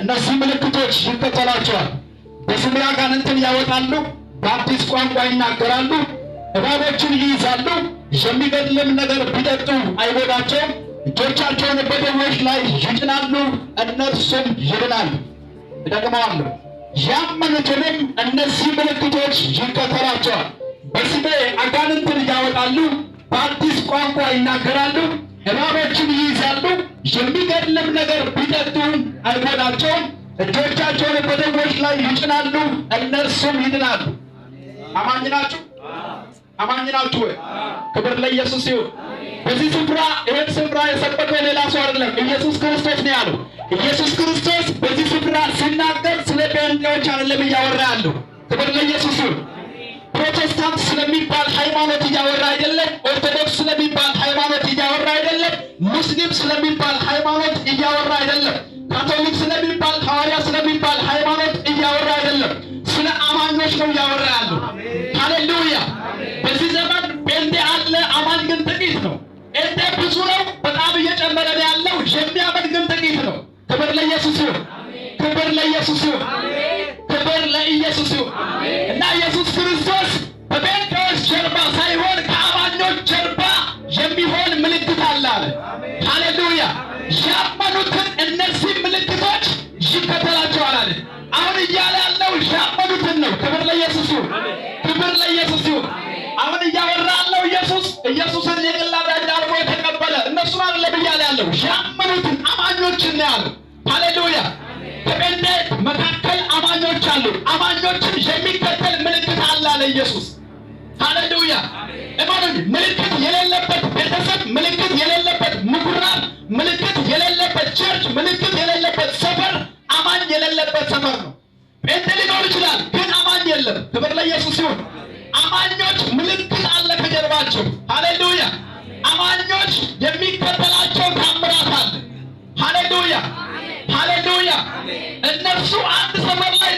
እነዚህ ምልክቶች ይከተሏቸዋል። በስውር አጋንንትን ያወጣሉ፣ በአዲስ ቋንቋ ይናገራሉ፣ እባቦችን ይይዛሉ፣ የሚገድልም ነገር ቢጠጡ አይጎዳቸውም፣ እጆቻቸውን በደዌዎች ላይ ይጭናሉ፣ እነርሱም ይድናሉ። እደግመዋለሁ፣ ያመኑትንም እነዚህ ምልክቶች ይከተሏቸዋል። በስሜ አጋንንትን ያወጣሉ፣ በአዲስ ቋንቋ ይናገራሉ እባቦችን ይይዛሉ የሚገድልም ነገር ቢጠጡ አይጎዳቸውም እጆቻቸውን በደዌዎች ላይ ይጭናሉ እነርሱም ይድናሉ እደግመዋለሁ ያመኑትንም እነዚህ ምልክቶች ይከተላቸዋል በስሜ አጋንንትን ያወጣሉ በአዲስ ቋንቋ ይናገራሉ እባቦችን ይይዛሉ። የሚገድልም ነገር ቢጠጡ አይጎዳቸውም። እጆቻቸውን በደጎች ላይ ይጭናሉ፣ እነርሱም ይድናሉ። አማኝ ናችሁ? አማኝ ናችሁ ወይ? ክብር ለኢየሱስ ይሁን። በዚህ ስፍራ ይህን ስፍራ የሰበከው ሌላ ሰው አይደለም፣ ኢየሱስ ክርስቶስ ነው ያሉ። ኢየሱስ ክርስቶስ በዚህ ስፍራ ሲናገር ስለ ጴንጤዎች አይደለም እያወራ ያለው። ክብር ለኢየሱስ ይሁን። ፕሮቴስታንት ስለሚባል ሃይማኖት እያወራ አይደለም። ኦርቶዶክስ ስለሚባል ሃይማኖት እያወራ አይደለም። ሙስሊም ስለሚባል ሃይማኖት እያወራ አይደለም። ካቶሊክ ስለሚባል ሐዋርያ ስለሚባል ሃይማኖት እያወራ አይደለም። ስለ አማኞች ነው እያወራ ያለው። ሃሌሉያ! በዚህ ዘመን ቤንቴ አለ፣ አማኝ ግን ጥቂት ነው። ቤንቴ ብዙ ነው፣ በጣም እየጨመረ የሚከተል ምልክት አለ አለ ኢየሱስ። ሃሌሉያ እማኑ ምልክት የሌለበት ቤተሰብ፣ ምልክት የሌለበት ምኩራብ፣ ምልክት የሌለበት ቸርች፣ ምልክት የሌለበት ሰፈር አማኝ የሌለበት ሰፈር ነው። ጴንጤ ሊኖር ይችላል፣ ግን አማኝ የለም። ክብር ለኢየሱስ ይሁን። አማኞች ምልክት አለ ከጀርባቸው። ሃሌሉያ አማኞች የሚከተላቸው ታምራት አለ። ሃሌሉያ ሃሌሉያ እነሱ አንድ ሰፈር ላይ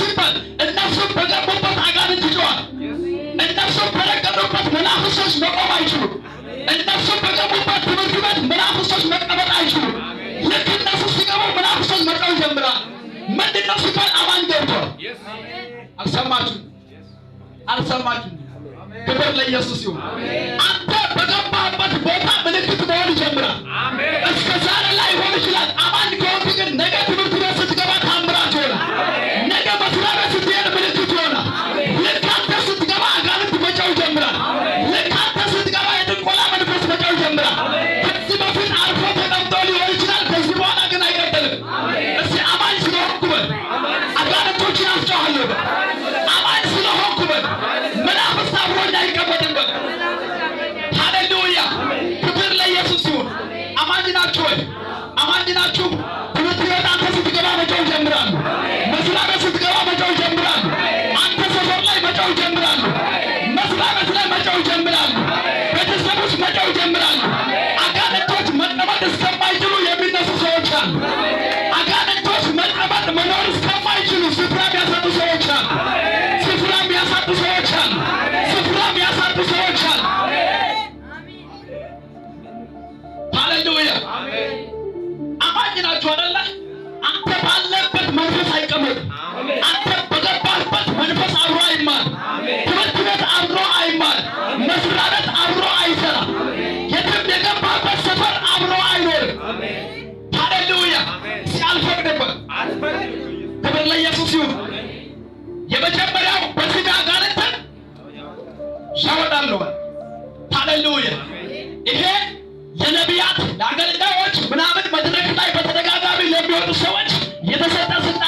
እነሱበት እነሱም በገቡበት አጋንንት ይጮኻል። እነሱ በረገጡበት መናፍሶች መቆም አይችሉም። እነሱም በገቡበት ትምህርት ቤት መናፍሶች መቀመጥ አይችሉም። ልክ እነሱ ሲገቡ መናፍሶች መቅረብ ይጀምራል። ምንድነው ሲባል አማን ገብቷል። አልሰማችሁ አልሰማችሁ። ክብር ለኢየሱስ ይሁን። አንተ በገባህበት አማኝ ናችሁ አይደለ? አንተ ባለበት መንፈስ አይቀመጥም። pasar, pasar,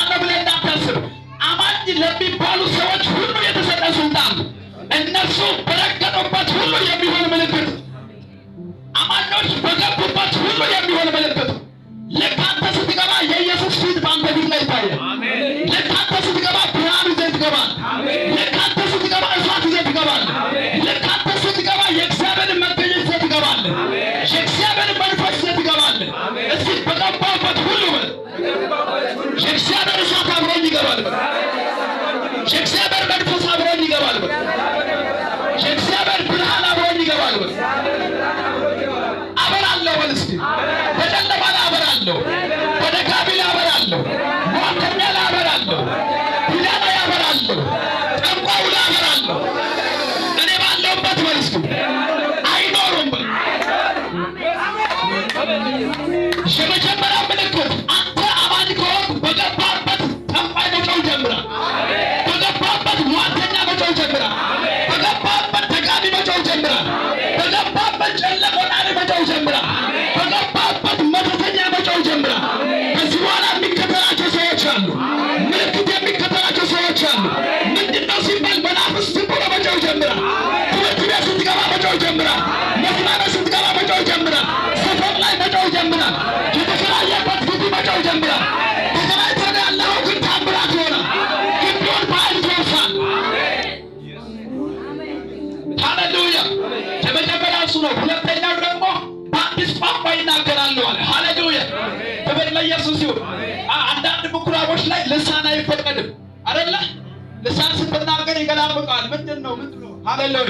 ነገር ይገላብጣል። ምንድን ነው ምንድን ነው? ሃሌሉያ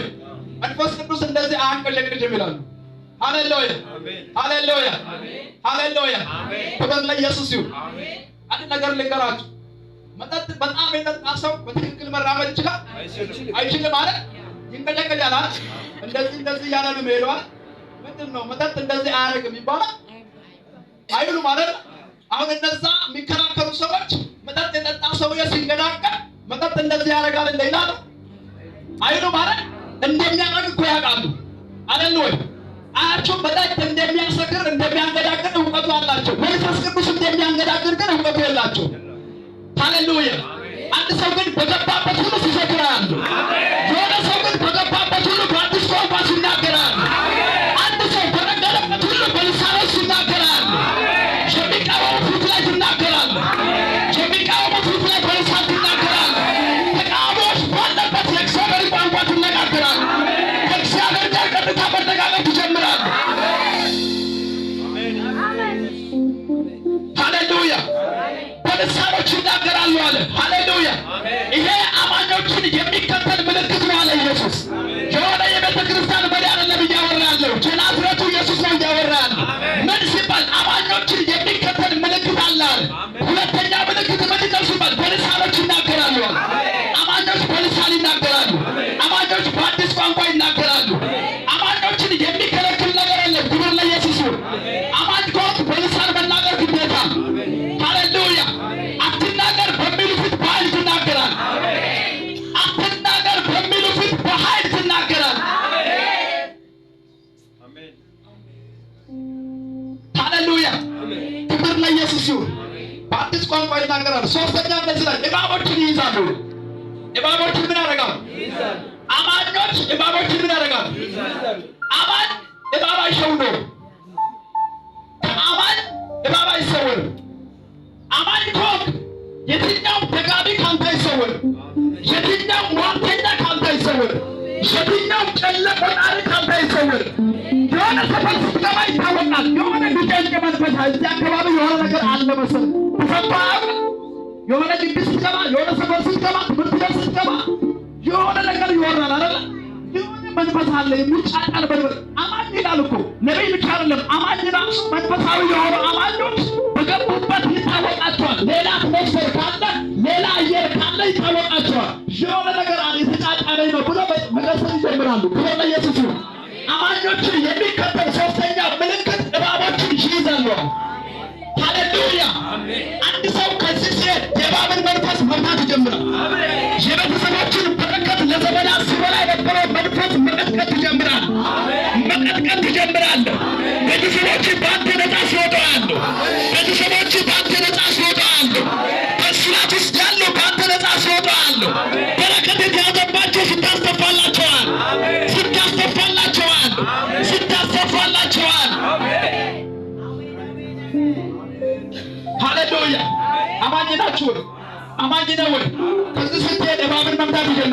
መንፈስ ቅዱስ እንደዚህ አያንቀለቅልም ይላሉ። ሃሌሉያ ሃሌሉያ ሃሌሉያ። ክብር ለኢየሱስ ይሁን። አንድ ነገር ልንገራችሁ፣ መጠጥ በጣም የጠጣ ሰው በትክክል መራመድ ይችላል አይችልም? ማለት ይንቀለቀላል አይደል? እንደዚህ እንደዚህ እያለ ነው የሚሄደው ምንድን ነው መጠጥ እንደዚህ አያደርግም ይባላል አይሉም ማለት። አሁን እነዛ የሚከራከሩ ሰዎች መጠጥ የጠጣ ሰውዬ ሲንገዳቀል መጠጥ እንደዚህ ያደርጋል እንደ ይላል አይሉ ማለት እንደሚያደርግ እኮ ያውቃሉ አይደል ወይ? አያችሁ መጠጥ እንደሚያሰክር እንደሚያንገዳግድ እውቀቱ አላቸው። መንፈስ ቅዱስ እንደሚያንገዳግር ግን እውቀቱ የላቸው። ሃሌሉያ! አንድ ሰው ግን በገባበት ሁሉ ሲሰክር አያሉ ሃሌሉያ! ክብር ለኢየሱስ ይሁን። በአዲስ ቋንቋ ይናገራል። ሶስተኛ እነዚህ ላይ እባቦችን ይይዛሉ። እባቦችን ምን ያደርጋሉ? አማኞች እባቦችን ምን ያደርጋሉ? አማን እባብ አይሸውደውም። የትኛውም ጨለቆ ጣሪ ካንተ ይሰውር። የሆነ ሰፈር ስትገባ ይታወቃል። የሆነ ቢጨንቅ መልበሻ እዚህ አካባቢ የሆነ ነገር አለ መሰለህ ተሰባብ የሆነ ግቢ ስትገባ፣ የሆነ ሰፈር ስትገባ፣ ትምህርት ቤት ስትገባ የሆነ ነገር ይወራል አይደለ? የሆነ መንፈስ አለ የሚጫጫን መንፈስ አማኝ ይላል እኮ ነቢይ ብቻ አይደለም አማኝ ራሱ መንፈሳዊ የሆኑ አማኞች በገቡበት ይታወቃቸዋል። ሌላ አትሞስፌር ካለ ሌላ አየር ካለ ይታወቃቸዋል። የሆነ ነገር አለ ላይ ነው ብሎ መቅደስን ይጀምራሉ። ብሎ ለኢየሱስ አማኞችን የሚከተል ሶስተኛ ምልክት እባቦችን ይይዛሉ። ሃሌሉያ! አንድ ሰው ከዚህ ሲሄድ የእባብን መንፈስ መብላት ይጀምራል። የቤተሰቦችን በረከት ለዘመናት ሲበላ የነበረው መንፈስ መቀጥቀጥ ይጀምራል። መቀጥቀጥ ይጀምራል። ቤተሰቦችን በአንተ ነጻ ሲወጡ ያሉ ቤተሰቦች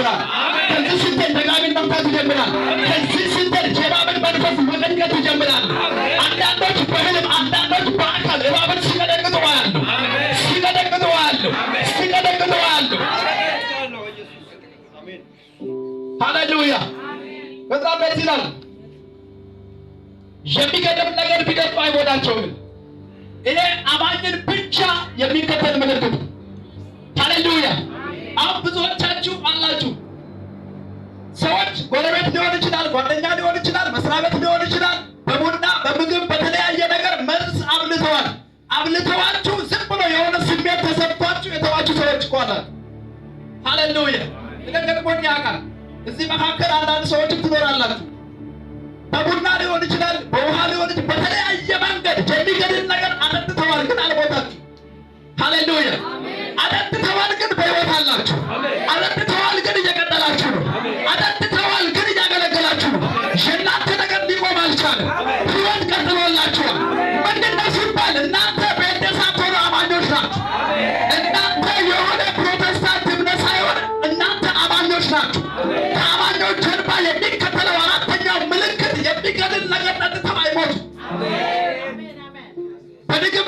ይጀምራል። ከዚህ ስንተን ደጋግን መምታት ይጀምራል። ከዚህ ስንተን የእባብን መንፈስ መደንገት ይጀምራል። አንዳንዶች በህልም አንዳንዶች በአካል እባብን ሲቀጠቅጡ ያሉ ሲቀጠቅጡ ያሉ ሲቀጠቅጡ ያሉ። ሃሌሉያ! በጣም ደስ ይላል። የሚገድም ነገር ቢገጥም አይጎዳቸውም። ይሄ አማኝን ብቻ የሚከተል ምልክት ሃሌሉያ! አሁን ብዙዎቻችሁ አላችሁ። ሰዎች ጎረቤት ሊሆን ይችላል፣ ጓደኛ ሊሆን ይችላል፣ መስሪያ ቤት ሊሆን ይችላል። በቡና በምግብ በተለያየ ነገር መርዝ አብልተዋል። አብልተዋችሁ ዝም ብሎ የሆነ ስሜት ተሰብቷችሁ የተዋችሁ ሰዎች እኮ አላችሁ። ሃሌሉያ! ነገር ያውቃል። እዚህ መካከል አንዳንድ ሰዎችም ትኖራላችሁ። በቡና ሊሆን ይችላል፣ በውሃ ሊሆን ይችላል፣ በተለያየ መንገድ የሚገድል ነገር አጠጥተዋል፣ ግን አልሞታችሁ። ሃሌሉያ! አጠጥተዋል፣ ግን በሕይወት አላችሁ። አጠጥተዋል፣ ግን እየቀጠላችሁ ነው። አጠጥተዋል፣ ግን እያገለገላችሁ ነው። የእናንተ ነገር ሊቆም አልቻለም። ሕይወት ቀጥሎላችኋል። ምንድን ነው ሲባል እናንተ በደሳት ሆኖ አማኞች ናችሁ። እናንተ የሆነ ፕሮቴስታንት እምነት ሳይሆን እናንተ አማኞች ናችሁ። ከአማኞች ጀርባ የሚከተለው አራተኛው ምልክት የሚገድል ነገር ጠጥተው አይሞቱም። በድግም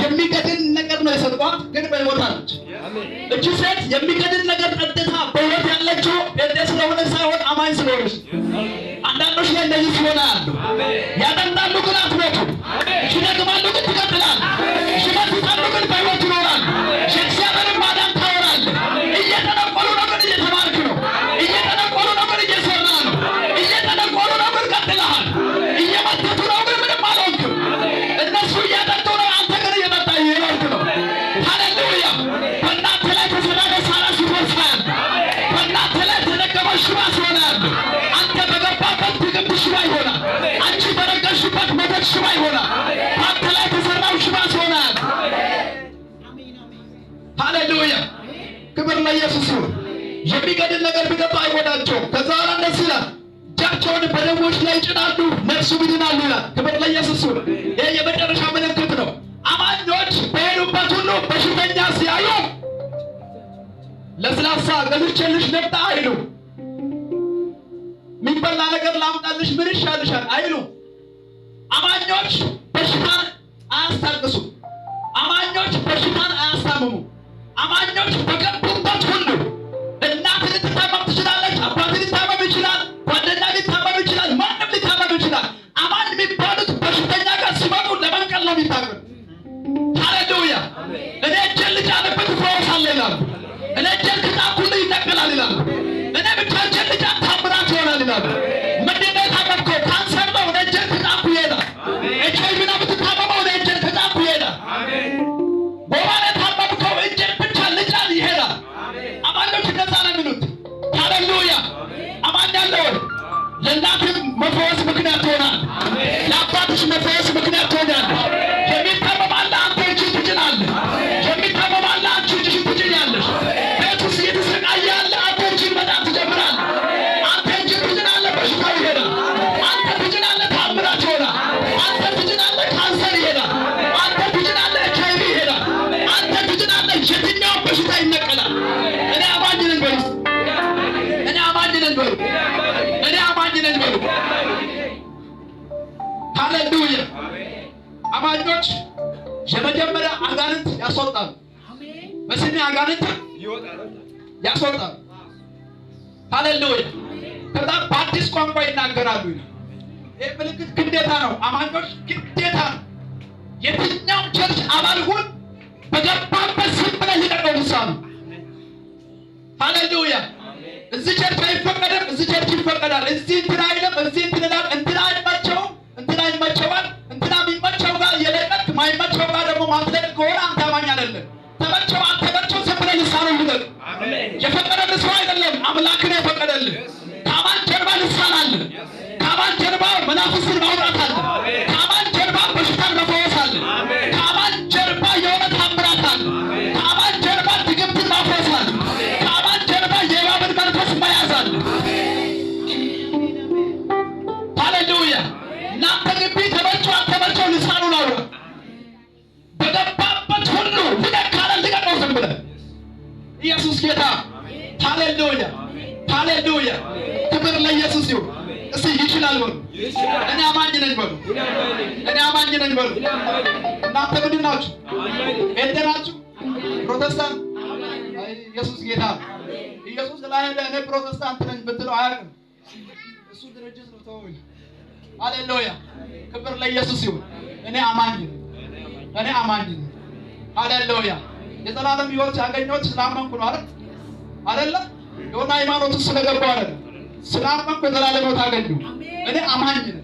የሚገድል ነገር ነው የሰጧት፣ ግን በሕይወት እቺ ሴት የሚገድል ነገር ጠጥታ በሕይወት ያለችው ጴንጤ ስለሆነ ሳይሆን አማኝ ስለሆነች። አንዳንዶች ላይ እንደዚህ ሲሆነ ያሉ ያጠጣሉ፣ ግን አትሞቱ፣ ይደግማሉ፣ ግን ትቀጥላል ይድናሉ፣ ነፍሱ ይድናሉ ይላል። ክብር ለኢየሱስ ይሁን። ይህ የመጨረሻ ምልክት ነው። አማኞች በሄዱበት ሁሉ በሽተኛ ሲያዩ ለስላሳ ገዝቼልሽ ነጣ አይሉ፣ የሚበላ ነገር ላምጣልሽ ምን ይሻልሻል አይሉ። አማኞች በሽታን አያስታቅሱ። አማኞች በሽታን አያስታምሙ። አማኞች በገቡበት ሁሉ ይላሉ። እኔ ደግ ጣኩል ይጠቅላል ይላሉ። እኔ ብቻ ቸልጫ አጋንንት ያስወጣል። ሃሌሉያ። ከዛ በአዲስ ቋንቋ ይናገራሉ። ይህ ምልክት ግዴታ ነው፣ አማኞች ግዴታ ነው። የትኛውም ቸርች አባል ሁን በገባበት ስም ብለህ ሊቀርበው ነው። ሃሌሉያ። እዚህ ቸርች አይፈቀድም፣ እዚህ ቸርች ይፈቀዳል። እዚህ እንትን አይለም፣ እዚህ እንትን እላል እኔ አማኝ ነኝ በሉ። እናንተ ምንድን ናችሁ? ጴንጤ ናችሁ? ፕሮቴስታንት? ኢየሱስ ጌታ ኢየሱስ ላይ እኔ ፕሮቴስታንት ነኝ ብትለው አያውቅም። እሱ ድርጅት ነው። ተወኝ። ሃሌሉያ! ክብር ለኢየሱስ ይሁን። እኔ አማኝ ነኝ። እኔ አማኝ ነኝ። ሃሌሉያ! የዘላለም ሕይወት ያገኘሁት ስላመንኩ ነው አይደል? አይደለም የሆነ ሃይማኖት ስለገባሁ አይደለም። ስላመንኩ የዘላለም ሕይወት አገኘሁ። እኔ አማኝ ነኝ።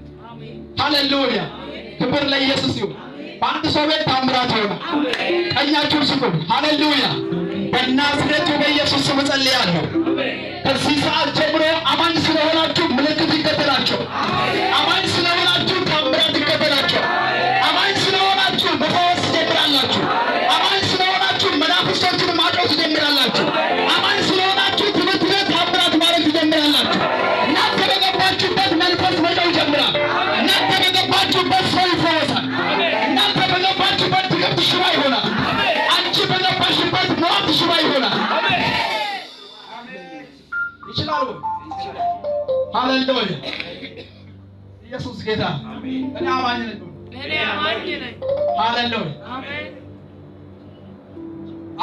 ሃሌሉያ! ክብር ለኢየሱስ ይሁን። በአንድ ሰው ቤት ታምራት ይሆናል። ቀኛችሁ ስጡ። ሃሌሉያ! በናዝሬቱ በኢየሱስ ስም እጸልያለሁ። ከዚህ ሰዓት ጀምሮ አማኝ ስለሆናችሁ ምልክት ይከተላቸው። አማኝ ስለሆናችሁ ታምራት ይከተላቸው። ሃሌሉያ! ኢየሱስ ጌታ። እኔ አማኝ ነኝ። ሃሌሉያ!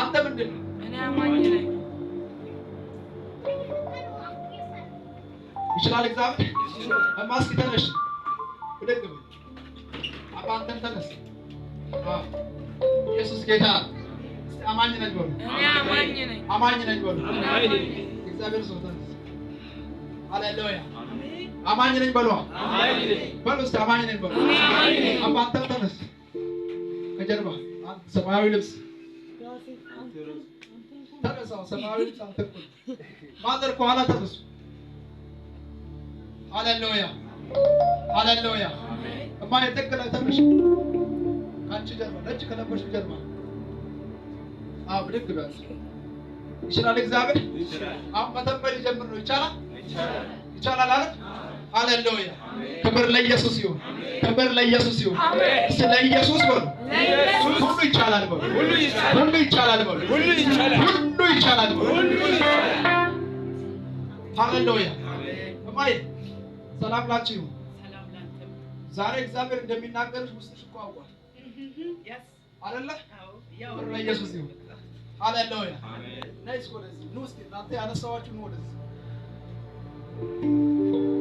አንተ ምንድን ነው? እኔ አማኝ ነኝ። ይችላል እግዚአብሔር። እማስኪ ተነሽ፣ ብድግ በይ። አባ አንተም ተነስ። ኢየሱስ ጌታ። አማኝ ነኝ በሉ። አማኝ ነኝ። በሉ። እግዚአብሔር ሰው ሃሌሉያ አማኝ ነኝ በሏ። በሉ እስኪ አማኝ ነኝ በሏ። አንተም ተነስ ከጀርባ ሰማያዊ ልብስ ተነሳ። ሰማያዊ ልብስ አንተ ማዘር ከኋላ ተነሱ። ሃሌሉያ ሃሌሉያ እማዬ ጥግ ተነሽ። ከአንቺ ጀርባ ነጭ ከለበሽ ጀርባ አዎ ብድግ በል ይችላል እግዚአብሔር። አሁን መተንበል ይጀምር ነው ይቻላል ይቻላል አለ። ሃሌሉያ! ክብር ለኢየሱስ ይሁን፣ ክብር ለኢየሱስ ይሁን። እስቲ ለኢየሱስ በሉ። ሁሉ ይቻላል በሉ። ሁሉ ይቻላል በሉ። ሁሉ ይቻላል በሉ። ሃሌሉያ! እማዬ ሰላም ላችሁ ይሁን። ዛሬ እግዚአብሔር እንደሚናገርሽ ውስጥሽ እኮ አውቋል አይደለ? ክብር ለኢየሱስ ይሁን። ሃሌሉያ! ነይ እስኪ ወደዚህ ኑ፣ እስኪ እናንተ ያነሳኋችሁ ነው ወደዚህ そう